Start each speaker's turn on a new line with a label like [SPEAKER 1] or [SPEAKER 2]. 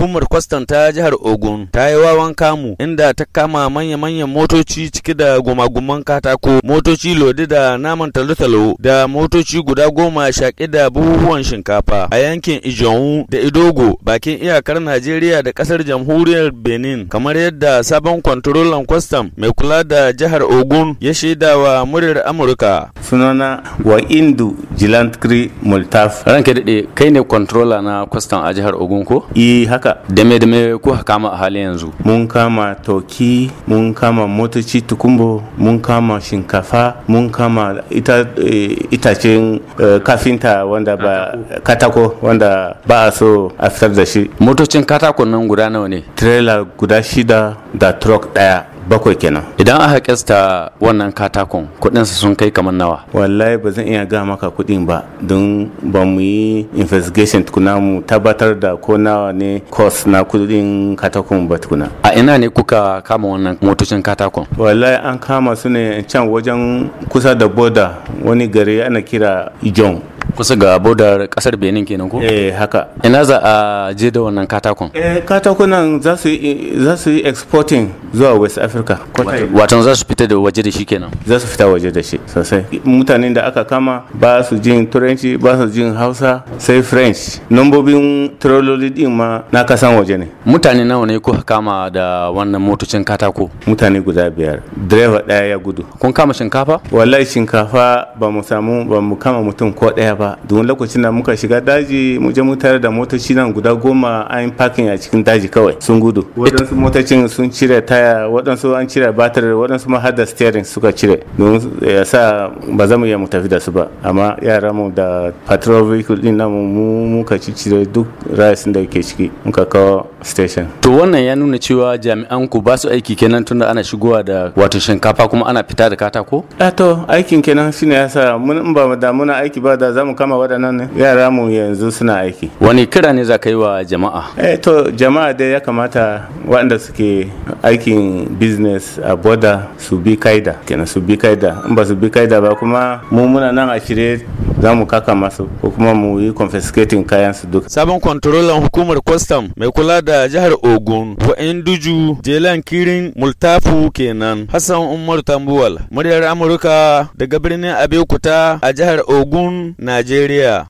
[SPEAKER 1] Hukumar kwastan ta jihar Ogun ta yi wawan kamu inda ta kama manya-manyan motoci cike da gumaguman katako, motoci lodi da naman talo-talo da motoci guda goma shaƙe da buhuhuwan shinkafa a yankin Ijonwu da Idogo bakin iyakar Najeriya da ƙasar jamhuriyar Benin kamar yadda sabon kwantarolan kwastam mai kula da jihar Ogun ya shaidawa muryar Amurka.
[SPEAKER 2] Sunana wa Indu Jilantri Multaf. Ranke daɗe kai ne kwantarola na kwastam a jihar Ogun ko? Eh haka ta dame dame ku kama a halin yanzu mun kama toki mun kama motoci tukumbo mun kama shinkafa mun kama ita eh, itacen eh, kafinta wanda ba katako wanda ba a so a fitar da shi motocin katako nan guda nawa ne trailer guda shida da truck daya bakwai kenan idan aka kesta wannan katakon su sun kai kamar nawa wallahi ba zan iya ga maka kuɗin ba don ba mu yi investigation tukuna mu tabbatar da ko nawa ne cost na kuɗin katakon ba tukuna a ina ne kuka kama wannan motocin katakon wallahi an kama su ne can wajen kusa da boda wani gari ana kira john kusa ga bodar kasar benin kenan ko eh haka ina za a je da wannan katakon eh katakunan za su yi exporting zuwa west africa watan za su fita da waje da shi kenan za su fita waje da shi sosai mutanen da aka kama ba su jin turanci ba su jin hausa sai french nombobin trololi din ma na kasan waje ne mutane nawa ne kuka kama da wannan motocin katako mutane guda biyar direba daya ya gudu kun kama shinkafa wallahi shinkafa ba mu samu ba mu kama mutum ko daya ba domin lokacin da muka shiga daji mu je mu tare da motoci nan guda goma an parking a cikin daji kawai sun gudu wadansu motocin sun cire taya taya waɗansu an cire batir waɗansu ma har da steering suka cire don eh, ya sa ba za mu iya mu tafi da su ba amma yara mu da patrol vehicle din namu mu muka cire duk rice da ke ciki muka kawo station to wannan ya nuna cewa jami'an ku ba su aiki kenan tunda ana shigowa da wato shinkafa kuma ana fita da katako a eh, to aikin kenan shine yasa mun ba da muna aiki ba da za mu kama waɗannan yara mu yanzu suna aiki wani kira ne za ka yi wa jama'a eh to jama'a dai ya kamata waɗanda suke aiki aikin business a border su bi kaida kenan su bi kaida in ba su bi kaida ba kuma mu muna nan a shirye za mu
[SPEAKER 1] kaka masu ko kuma mu yi confiscating kayan su duka. Sabon kwantarolan hukumar kwastam mai kula da jihar Ogun Wa'induju Jelan Kirin Multafu kenan Hassan Umar Tambuwal muryar Amurka daga birnin Abeokuta a jihar Ogun Najeriya.